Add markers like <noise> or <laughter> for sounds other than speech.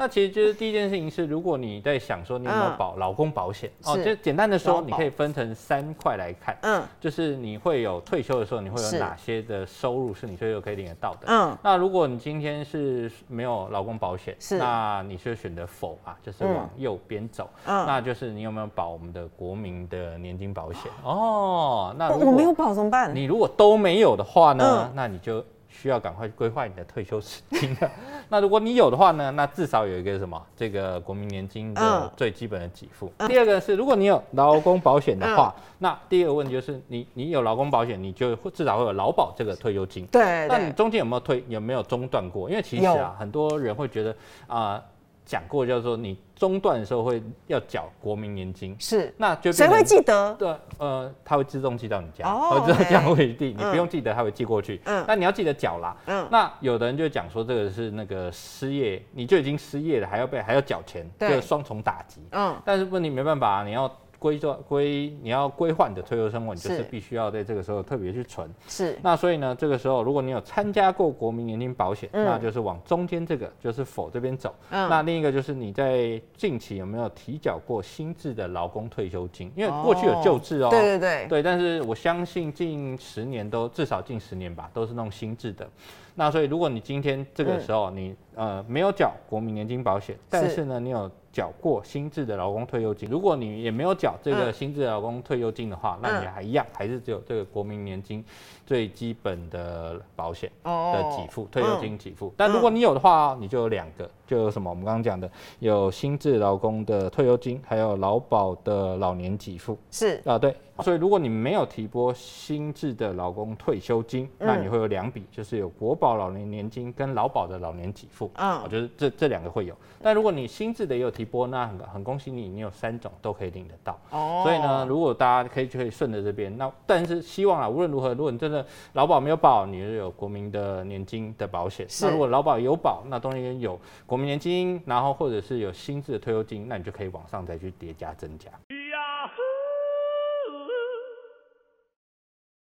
那其實就是第一件事情是，如果你在想說你有沒有保勞工保險、嗯、哦，就簡單的說，你可以分成三塊來看，嗯，就是你會有退休的時候，你會有哪些的收入是你退休可以領得到的，嗯，那如果你今天是沒有勞工保險，是，那你就選擇否啊，就是往右邊走、嗯，那就是你有沒有保我們的國民的年金保險、嗯？哦，那如果沒有保怎麼辦？你如果都沒有的話呢，嗯、那你就。需要趕快去規劃你的退休時間的、啊、 <laughs> 那如果你有的話呢？那至少有一個什麼？這個國民年金的最基本的給付。嗯、第二個是，如果你有勞工保險的話，嗯、那第二個問題就是你你有勞工保險，你就至少會有勞保這個退休金。對，對，對，那你中間有沒有退有沒有中斷過？因為其實啊，很多人會覺得啊。呃講過叫做你中斷的時候會要繳國民年金，是那誰會、會記得？對、啊，呃，他會自動寄到你家哦，這、oh, 樣會遞，okay. 你不用記得、嗯，他會寄過去。嗯，那你要記得繳啦。嗯，那有的人就講說這個是那個失業，你就已經失業了，還要被還要繳錢，對，就是、雙重打擊。嗯，但是問題沒辦法、啊，你要。規劃規，你要規劃你的退休生活，你就是必須要在這個時候特別去存。是。那所以呢，這個時候如果你有參加過國民年金保險、嗯，那就是往中間這個就是否這邊走、嗯。那另一個就是你在近期有沒有提繳過新制的勞工退休金？因為過去有舊制、喔、哦。對對對，對。但是我相信近十年都至少近十年吧，都是弄新制的。那所以如果你今天這個時候、嗯、你呃沒有繳國民年金保險，但是呢你有。繳過新制的勞工退休金，如果你也沒有繳這個新制勞工退休金的話、嗯，那你還一樣，還是只有這個國民年金最基本的保險的給付、哦，退休金給付、嗯。但如果你有的話，你就有兩個。就有什麼我們剛剛講的，有新制勞工的退休金，還有勞保的老年給付。是啊，對。所以如果你沒有提撥新制的勞工退休金，嗯、那你會有兩筆，就是有國保老年年金跟勞保的老年給付。啊、嗯，我覺得這這兩個會有。但如果你新制的也有提撥，那很，很恭喜你，你有三種都可以領得到。哦。所以呢，如果大家可以就可以順着這邊，那但是希望啊，無論如何，如果你真的勞保沒有保，你就有國民的年金的保險。是。那如果勞保有保，那當然也有國。我們年金，然後或者是有新制的退休金，那你就可以往上再去疊加增加。 <music> <music>